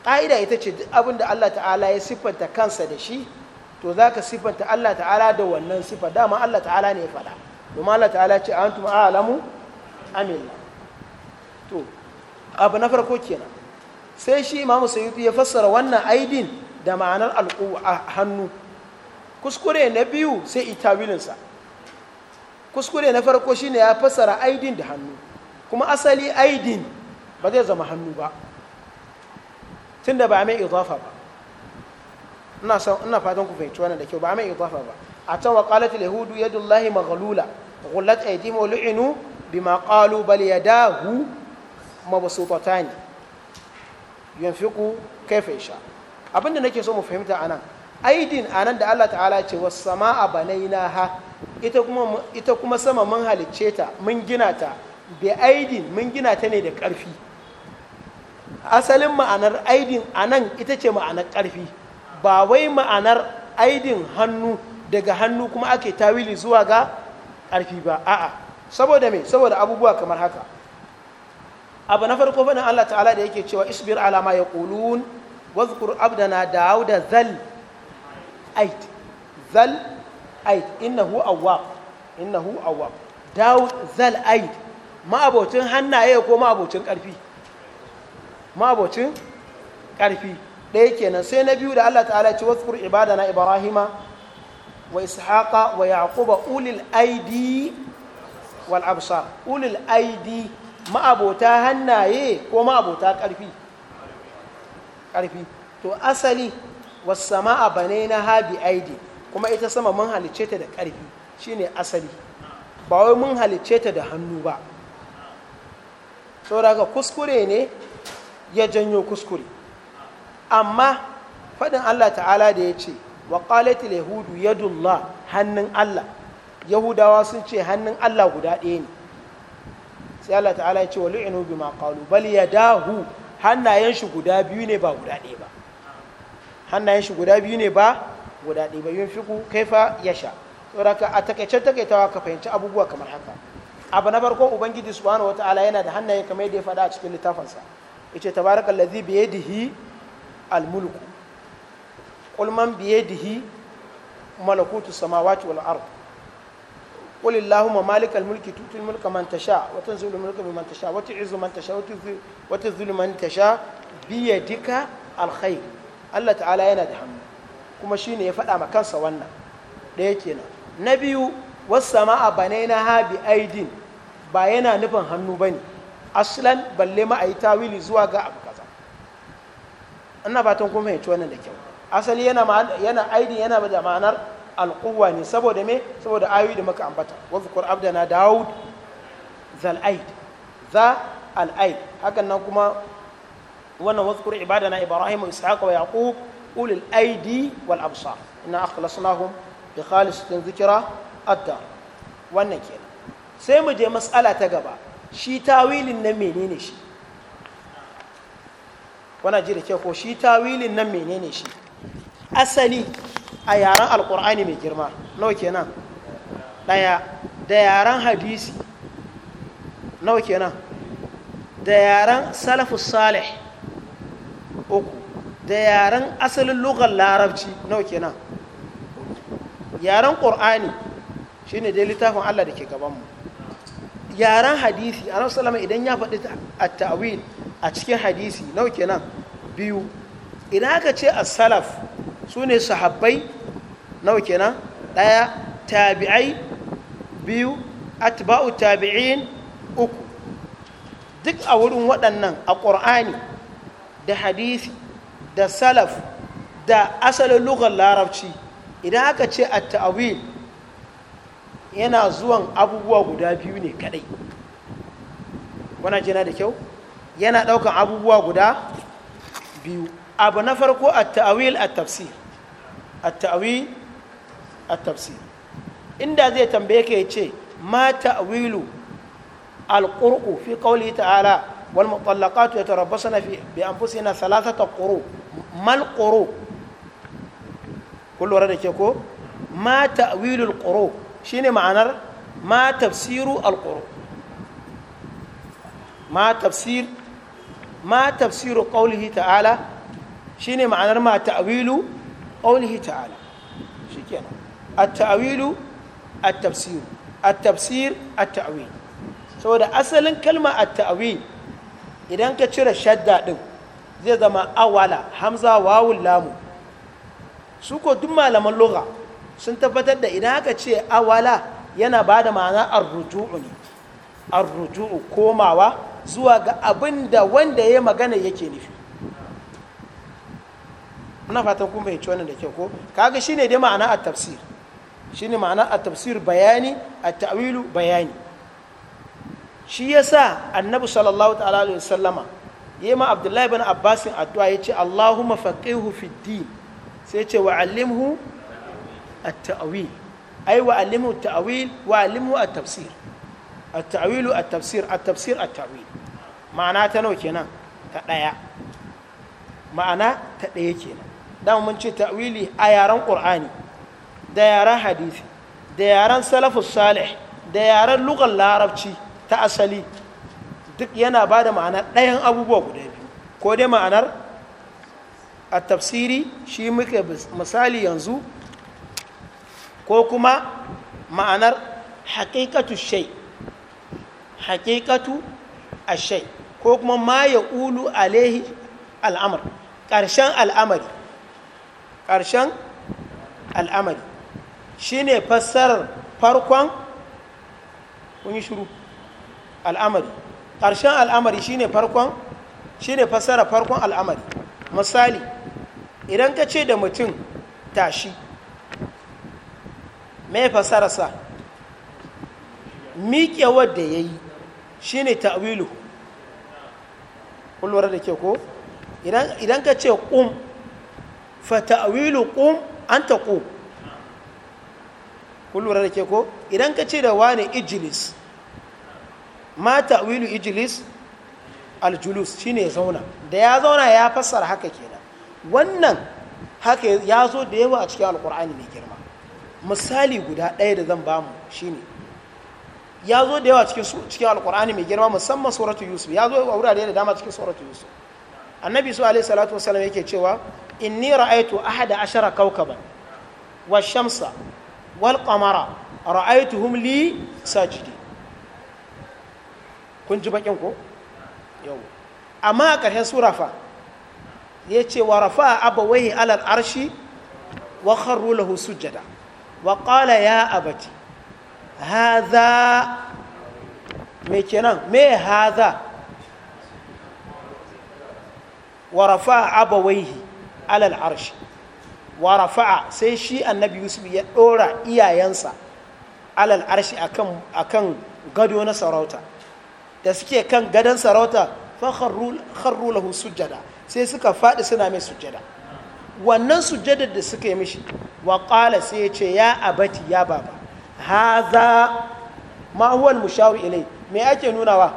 ƙa'ida ita ce duk abin da Allah ya siffanta kansa da shi to za ka siffanta Allah da wannan siffa dama Allah ta'ala ne ya faɗa domin Allah ce a antum a'lamu amilla abu na farko kenan sai shi imamu sayyidi ya fassara wannan aidin da ma'anar a hannu kuskure na biyu sai itawilinsa kuskure na farko shine ya fassara aidin da hannu kuma asali aidin ba zai zama hannu ba tunda ba mai idafa ba ina san ina fatan ku fahimci wannan da kyau ba mai idafa ba a can wa qalat al yahudu yadullahi maghlula ghullat aydihim wa lu'inu bima qalu bal yadahu mabsutatan yanfiqu kayfa yasha abinda nake so mu fahimta anan aidin a nan da Allah ta'ala ce sama a banai na ha ita kuma sama mun halicce ta mun gina ta bai aidin mun gina ta ne da ƙarfi asalin ma'anar aidin a nan ita ce ma'anar ƙarfi ba wai ma'anar aidin hannu daga hannu kuma ake tawili zuwa ga ƙarfi ba a'a saboda me saboda abubuwa kamar haka abu na farko faɗin Allah ta'ala da yake cewa isbir alama ala ma yaqulun na abdana da zal ait zal ait innahu awwab innahu awwab daud zal ait ma'abocin hannaye ko ma'abocin karfi ma'abocin karfi ɗaya kenan sai na biyu da Allah ta'ala ce wasu ibadana ibrahima wa ishaqa wa yaquba ulil aidi wal absar ulil aidi ma'abota hannaye ko ma'abota karfi karfi to asali a bane na habi aidi kuma ita sama mun halicce ta da ƙarfi shine asali ba wai mun halicce ta da hannu ba saboda kuskure ne ya janyo kuskure amma faɗin Allah ta'ala da ya ce wa qalatil yahudu yadullah hannun Allah yahudawa sun ce hannun Allah guda ɗaya ne sai Allah ta'ala ya ce wa lu'inu bima qalu bal yadahu hannayen shi guda biyu ne ba guda ɗaya ba hannayen shi guda biyu ne ba guda ɗaya ba yunfiku kaifa yasha saboda a takaice takaitawa ka fahimci abubuwa kamar haka abu na farko ubangiji subhanahu wataala yana da hannaye kamar yadda ya faɗa a cikin littafinsa yace tabarakallazi biyadihi almulku qul man biyadihi malakutu samawati wal ard قل اللهم مالك الملك تؤتي الملك من تشاء وتنزل الملك بمن تشاء وتعز من تشاء وتذل من تشاء بيدك الخير Allah ta'ala yana da hannu kuma shi ne ya faɗa ma kansa wannan ɗaya kenan na biyu wasu sama'a a na habi aidin ba yana nufin hannu ba ne asilan balle ma a yi tawili zuwa ga abu kaza ina fatan kun fahimci wannan da kyau asali yana yana aidin yana da ma'anar alƙuwa ne saboda me saboda ayoyi da muka ambata wasu kur abdana daud zal za al aid hakan nan kuma wannan wasu wazkur ibadana ibrahim ishaq wa yaqub ulul aidi wal absar inna akhlasnahum bi khalisatin zikra adda wannan kenan sai mu je mas'ala ta gaba shi tawilin nan menene shi wana ji da ko shi tawilin nan menene shi asali a yaren alkur'ani mai girma nawa kenan daya da yaran hadisi nawa kenan da yaran salafus salih uku da yaren asalin lugar larabci nawa kenan yaren shi shine dai littafin Allah da ke gabanmu yaren hadisi a nan salama idan ya faɗi a ta'awil a cikin hadisi nawa kenan biyu idan aka ce a salaf su ne sahabbai nawa kenan ɗaya tabi'ai biyu atba'u tabi'in uku duk a wurin waɗannan a ƙur'ani da hadisi da salaf da asalin lugar larabci idan aka ce a ta'awil yana zuwan abubuwa guda biyu ne kadai wana jina da kyau yana daukan abubuwa guda biyu abu na farko a ta'awil a tafsir a ta'awil a tafsir inda zai tambaye ka ya ce ma ta'awilu alƙurƙu fi qawli ta'ala والمطلقات يتربصن في بأنفسهن ثلاثة قروء ما القروء كل ورد كيكو ما تأويل القروء شين معنى ما تفسير القروء ما تفسير ما تفسير قوله تعالى شين معنى ما تأويل قوله تعالى شكينا التأويل التفسير التفسير التأويل سواء أصلا كلمة التأويل idan ka cire shadda ɗin zai zama awala hamza wawun lamu su ko duk malaman lugha sun tabbatar da idan aka ce awala yana ba da ma'ana arrutu'u ne arrutu'u komawa zuwa ga abin da wanda ya magana yake nufi na fatan kun bai wannan da kyau ko kaga shine dai ma'ana a tafsir shine ma'ana a tafsir bayani a ta'awilu bayani shi ya sa annabi sallallahu ta'ala alaihi wasallama yayi ma abdullahi bin abbas addu'a ce allahumma faqihu fi din sai ce wa allimhu at-ta'wil ai wa allimhu at-ta'wil wa allimhu at-tafsir a tawil a tafsir a tafsir a ta'awil ma'ana ta nawa kenan ta ɗaya, ma'ana ta ɗaya kenan dama mun ce ta'wili a yaran qur'ani da yaran hadisi da yaran salafus salih da yaran lugar larabci ta asali duk yana ba da ma'anar ɗayan abubuwa guda biyu ko dai ma'anar a tafsiri shi muke misali yanzu ko kuma ma'anar haƙiƙatu shai haƙiƙatu a shai ko kuma ma ya ulu alaihi al'amur ƙarshen al'amari ƙarshen al'amari shi ne fassarar farkon kun yi shuru al'amari ƙarshen al'amari shine farkon shine fassara farkon al'amari misali idan ka ce da mutum tashi mai fassararsa miƙe wadda ya yi shine ta'wilu kullum da ke ko idan ka ce ƙum fa ta'wilu ƙum an ta ƙo kullum da ke ko idan ka ce da wane ijilis ma ta'wilu ijlis aljulus shine zauna da ya zauna ya fassara haka kenan wannan haka ya zo da yawa a cikin alkur'ani mai girma misali guda ɗaya da zan bamu shine ya zo da yawa cikin alkur'ani mai girma musamman suratu yusuf ya zo a wurare da dama cikin suratu yusuf annabi su alaihi salatu wasallam yake cewa inni ra'aitu ahada ashara kawkaban wa shamsa wal qamara ra'aituhum li sajidin kun ji bakin ko yau amma a ƙarshen sura fa ya ce wa rafa abawaihi alal arshi wa kharru lahu sujjada wa qala ya abati hadha me kenan me hadha wa rafa abawaihi alal arshi wa rafa'a sai shi annabi yusuf ya ɗora iyayensa alal arshi akan gado na sarauta da suke kan gadon sarauta fa kharru lahu sujjada sai suka faɗi suna mai sujjada wannan sujjadar da suka yi mishi wa qala sai ya ce ya abati ya baba haza ma huwa al-mushawir ilai me ake nunawa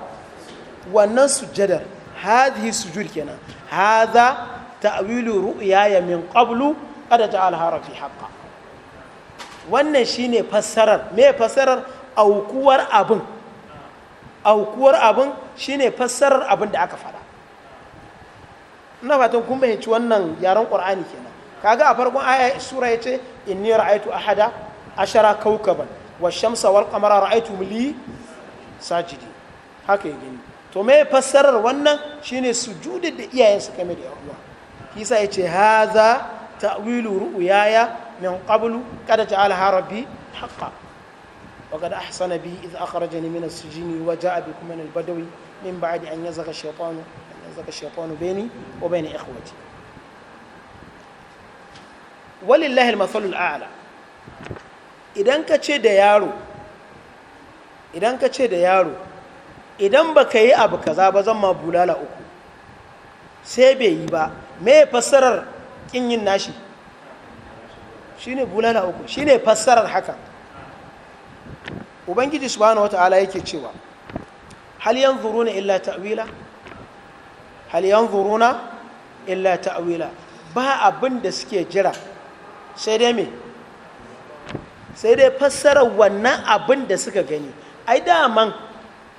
wannan sujjadar hadhihi sujud kenan haza ta'wilu ru'yaya min qablu qad ta'ala harafi haqqan wannan shine fassarar me fassarar aukuwar abin aukuwar abin shine fassarar abin da aka faɗa ina fatan kun bayyanci wannan yaren qur'ani kenan kaga a farkon aya sura yace inni Ra'aitu, ahada ashara kawkaban wa shamsa wal-qamara Mili, li sajidi haka ya gani to me fassarar wannan shine sujudi da iyayen su kame da yawa kisa yace haza ta'wilu ru'yaya min qablu qad ja'ala rabbi haqqan وقد أحسن بي إذ أخرجني من السجن وجاء بكم من البدوي من بعد أن يزغ الشيطان أن يزغ الشيطان بيني وبين إخوتي ولله المثل الأعلى idan ka ce da yaro idan ka ce da yaro idan ba ka yi abu kaza ba zan ma bulala uku sai bai yi ba me fassarar kin nashi shine bulala uku shine fassarar hakan ubangiji subhanahu wata'ala yake cewa hal yanzuruna illa ta'wila hal yanzuruna illa ta'wila ba abin da suke jira sai dai me sai dai fassara wannan abin da suka gani ai daman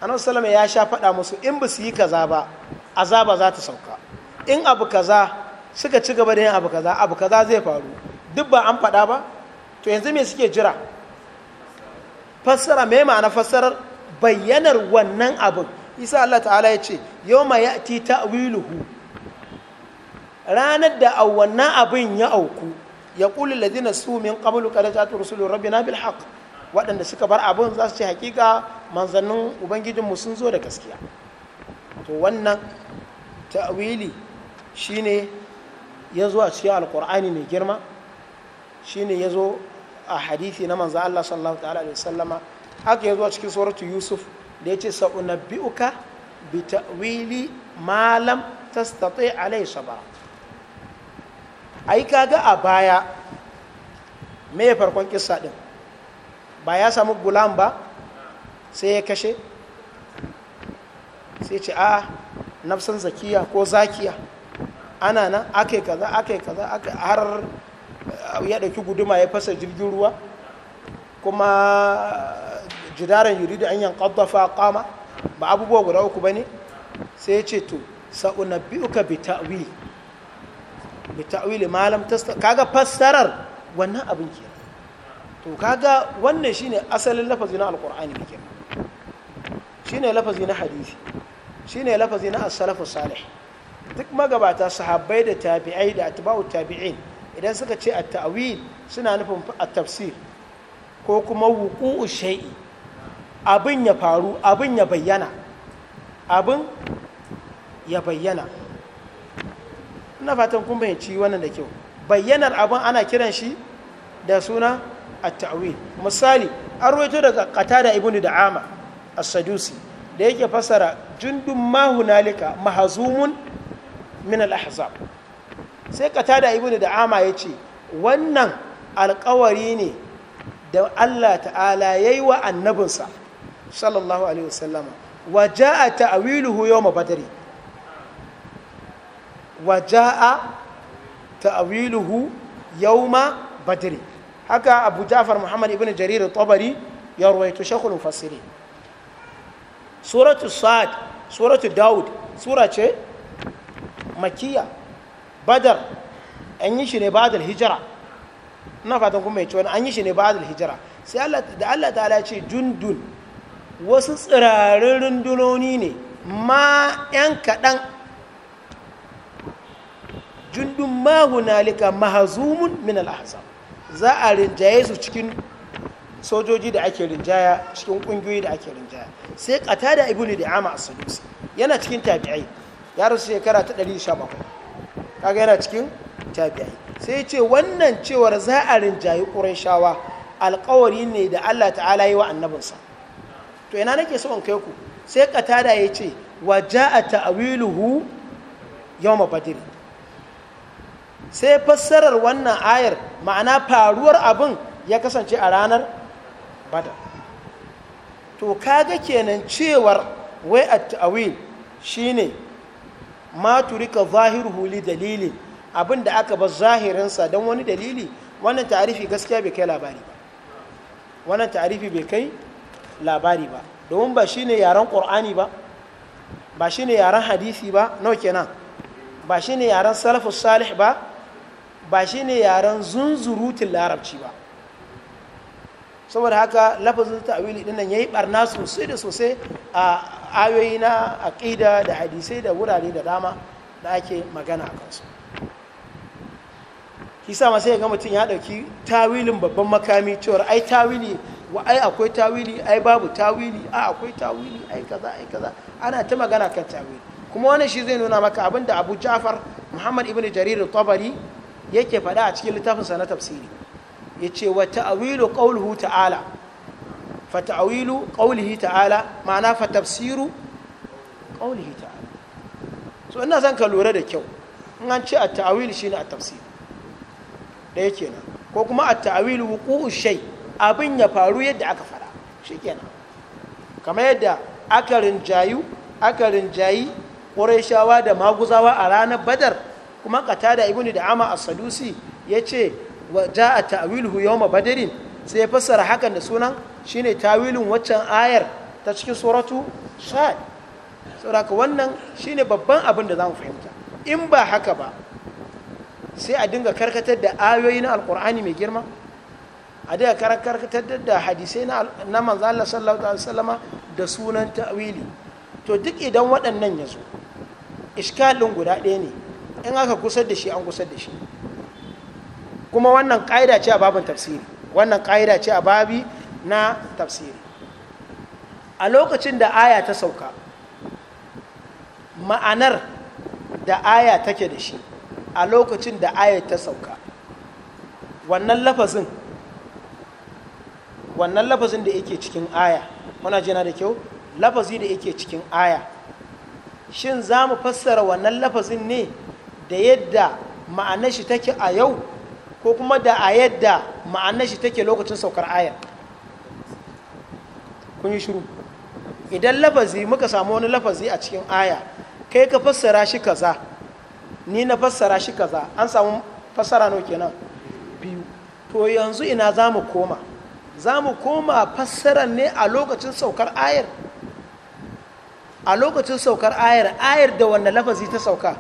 annabi sallama ya sha faɗa musu in ba su yi kaza ba azaba za ta sauka in abu kaza suka ci gaba da yin abu kaza abu kaza zai faru duk ba an faɗa ba to yanzu me suke jira fassara me ma'ana fassarar bayyanar wannan abin isa Allah ta'ala ya ce yau ma ya ti ta'wiluhu ranar da wannan abin ya auku ya ƙuli ladina su min qablu qad ja'atu rusulur rabbina bil haqq waɗanda suka bar abin za su ce hakika manzannin ubangijinmu sun zo da gaskiya to wannan ta'wili shine ya zo a cikin alkur'ani mai girma shine ya zo a hadithi na manzo Allah sallallahu ta'ala alaihi wasallama haka yazo cikin suratu yusuf da yace sa'unabbi'uka bi ta'wili ma lam tastati alaihi sabara ai kaga a baya me farkon kissa din ba ya samu gulam ba sai ya kashe sai ce a ah, nafsan zakiya ko zakiya ana nan ake kaza ake kaza har ya ɗauki guduma ya fasa jirgin ruwa kuma jidaren yuridu an yanqadda fa qama ba abubuwa guda uku ba ne sai ya ce to sauna sa'unabbi'uka bi ta'wili bi ta'wili malam lam kaga fassarar wannan abin ke to kaga wannan shine asalin lafazi na alqur'ani ke shine lafazi na hadisi shine lafazi na as-salafus salih duk magabata sahabbai da tabi'ai da atba'u tabi'in idan suka ce a ta'awil suna nufin a tafsir ko kuma wuku'u shai'i abin ya faru abin ya bayyana abin ya bayyana ina fatan kun bayyanci wannan da kyau bayyanar abin ana kiran shi da suna a ta'awil misali an roito daga ibini ibnu da'ama a sadusi da yake fasara jundun ma hunalika mahzumun min al-ahzab sai katada ibnu da'ama ya ce wannan alkawari ne da Allah ta'ala ya yi wa annabinsa sallallahu alaihi wasallama wa ja'a ta'awiluhu yawma badri wa ja'a ta'awiluhu haka abu ja'far muhammad ibn jarir tabari ya ruwaito shakul fasiri. suratu sa'ad suratu daud sura ce makiya badar an yi shi ne ba da hijira na fatan kuma ya ci wani an yi shi ne ba hijira sai da Allah ta'ala ce jundun wasu tsirarin rundunoni ne ma 'yan kaɗan jundun ma hunalika mahazumun min al'ahzab za a rinjaye su cikin sojoji da ake rinjaya cikin ƙungiyoyi da ake rinjaya sai ƙata da ibuli da ama a yana cikin tabi'ai ya rasu shekara ta 117 kaga yana cikin tabi'ai sai ce wannan cewar za a rinjayi ƙurashawa alƙawari ne da Allah ta'ala yi wa annabinsa to ina nake so in kai ku sai katada ya ce wa a ta'awiluhu yau badr sai fassarar wannan ayar ma'ana faruwar abin ya kasance a ranar bada to kaga kenan cewar wai a tawil shine ma turika zahiruhu li dalili abin da aka bar zahirinsa don wani dalili wannan ta'arifi gaskiya bai kai labari ba wannan ta'arifi bai kai labari ba domin ba shine yaren qur'ani ba ba shine yaren hadisi ba nawa kenan ba shine yaren salafus salih ba ba shine yaren zunzurutun larabci ba saboda haka lafazin ta'wili din nan yayi barna sosai da sosai a ayoyi na aqida da hadisai da wurare da dama da ake magana akan su kisa ma sai ga mutum ya dauki tawilin babban makami cewar ai tawili wa ai akwai tawili ai babu tawili a akwai tawili ai kaza ai kaza ana ta magana kan tawili kuma wannan shi zai nuna maka abinda Abu Ja'far Muhammad ibn Jarir al-Tabari yake faɗa a cikin littafin sa na tafsiri ya ce wa ta'awilu ƙaunuhu ta'ala fa ta'awilu ƙaunuhu ta'ala ma'ana fa tafsiru ƙaunuhu ta'ala so ina zan ka lura da kyau in an ce a ta'awilu shi ne a da ɗaya nan ko kuma a ta'awilu wuqu'u shai abin ya faru yadda aka fara shikenan kamar yadda aka rinjayu aka rinjayi ƙurayshawa da maguzawa a ranar badar kuma da ibini da ama a sadusi ya ce wa a tawilu yawma badrin sai ya fassara hakan da sunan shine tawilin waccan ayar ta cikin suratu sad saboda wannan shine babban abin da zamu fahimta in ba haka ba sai a dinga karkatar da ayoyi na alkur'ani mai girma a daga karkatar da hadisai na manzo Allah sallallahu alaihi wasallama da sunan ta'wili to duk idan waɗannan ya zo iskalin guda ɗaya ne in aka kusa da shi an kusa da shi kuma wannan ƙa'ida ce a babin tafsiri wannan ƙa'ida ce a babi na tafsiri a lokacin da aya ta sauka ma'anar da aya take da shi a lokacin da aya ta sauka wannan lafazin wannan lafazin da yake cikin aya muna jina da kyau lafazi da yake cikin aya shin za mu fassara wannan lafazin ne da yadda ma'anar shi take a yau ko kuma da a yadda ma'anar shi take lokacin saukar ayar kun yi shiru idan lafazi muka samu wani lafazi a cikin aya kai ka fassara shi kaza ni na fassara shi kaza an samu fassara nau kenan biyu to yanzu ina za mu koma za mu koma fassara ne a lokacin saukar ayar a lokacin saukar ayar ayar da wannan lafazi ta sauka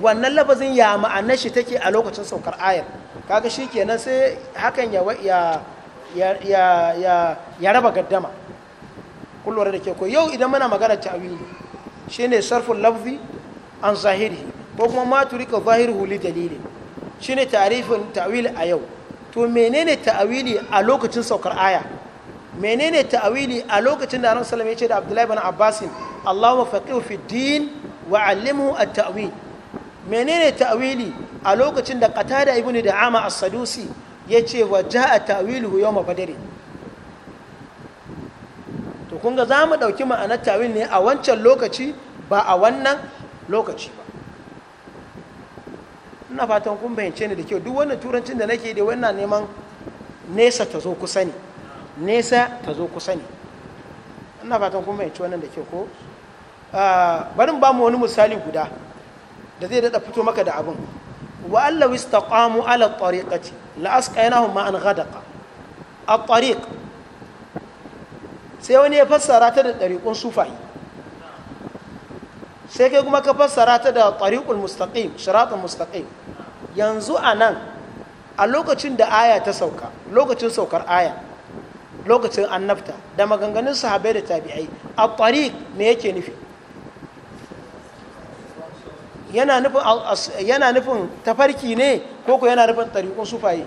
wannan lafazin ya ma'anar shi take a lokacin saukar ayar kaga shi kenan sai hakan ya raba gaddama kullum da ke ko yau idan muna magana ta'wili shine sarful lafzi an zahiri ko kuma ma turika zahiru li dalili shine tarifin ta'wili a yau to menene ta'wili a lokacin saukar aya menene ta'wili a lokacin da Annabi sallallahu ya ce da Abdullahi bin Abbasin Allahumma faqihu fi din wa allimhu at-ta'wil menene ta'wili a lokacin da qatada ibn da'ama as-sadusi yace wa jaa ta'wiluhu yawm badr to kun ga zamu dauki ma'anar tawil ne a wancan lokaci ba a wannan lokaci ba ina fatan kun bayyance ni da kyau duk wannan turancin da nake da wannan neman nesa ta zo kusa ne nesa ta zo kusa ne ina fatan kun bayyance wannan da kyau ko ah, barin ba mu wani misali guda da zai daɗa fito maka da abin wa allaw istaqamu ala tariqati la asqaynahum ma'an ghadaqa at-tariq sai wani ya fassara ta da ɗariƙun sufai sai kuma ka fassara ta da tariqul mustaqim shiratul mustaqim yanzu anan a lokacin da aya ta sauka lokacin saukar aya lokacin annabta da maganganun sahabai da tabi'ai a tariq me yake nufi yana nufin tafarki ne ko ko yana nufin tariqun sufaye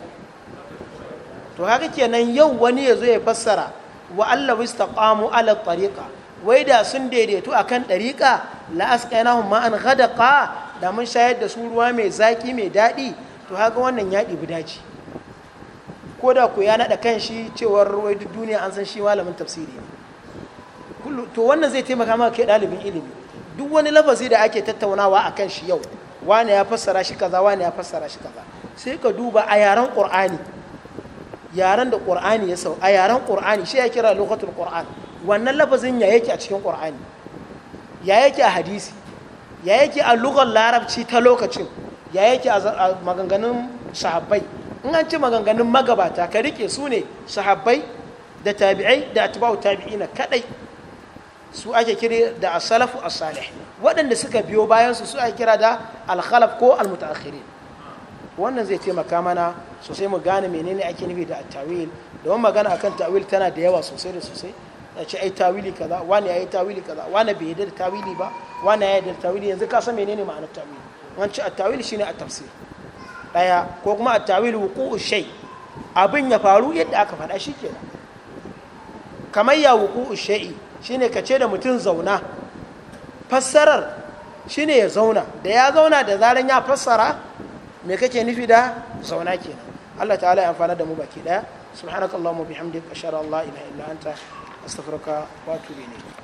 to haka kenan yau wani ya zo ya fassara wa Allah istaqamu ala tariqa wai da sun daidaitu akan tariqa la asqainahum ma an ghadaqa da mun shayar da su ruwa mai zaki mai daɗi to haka wannan ya ɗibi daci ko da ku ya naɗa kan shi cewar wai duk duniya an san shi malamin tafsiri ne to wannan zai taimaka maka kai ɗalibin ilimi duk wani lafazi da ake tattaunawa a kan shi yau wane ya fassara shi kaza wane ya fassara shi kaza sai ka duba a yaren qur'ani yaren da qur'ani ya sau a yaren ƙur'ani shi ya kira lokacin qur'an wannan lafazin ya yake a cikin qur'ani ya yake a hadisi ya yake a lugar larabci ta lokacin ya yake a maganganun sahabbai in an ci maganganun magabata ka rike su ne sahabbai da tabi'ai da atba'u tabi'ina kadai su ake kira da asalafu asalih waɗanda suka biyo bayansu su ake kira da alkhalaf ko almutaakhirin wannan zai taimaka mana sosai mu gane menene ake nufi da tawil domin magana akan tawil tana da yawa sosai da sosai a ce ai tawili kaza wani ya yi tawili kaza wani bai yarda da tawili ba wani ya yarda da tawili yanzu ka san menene ma'anar tawili wancan at-tawil shine at-tafsir daya ko kuma a tawil wuqu'u shay abin ya faru yadda aka faɗa shikenan kamar ya wuqu'u shay'i shine ka ce da mutum zauna fassarar shine ya zauna da ya zauna da zaran ya fassara me kake nufi da zauna kenan Allah ta'ala ya amfana da mu baki daya subhanakallahumma bihamdika ashhadu an la ilaha illa anta astaghfiruka wa atubu ilayk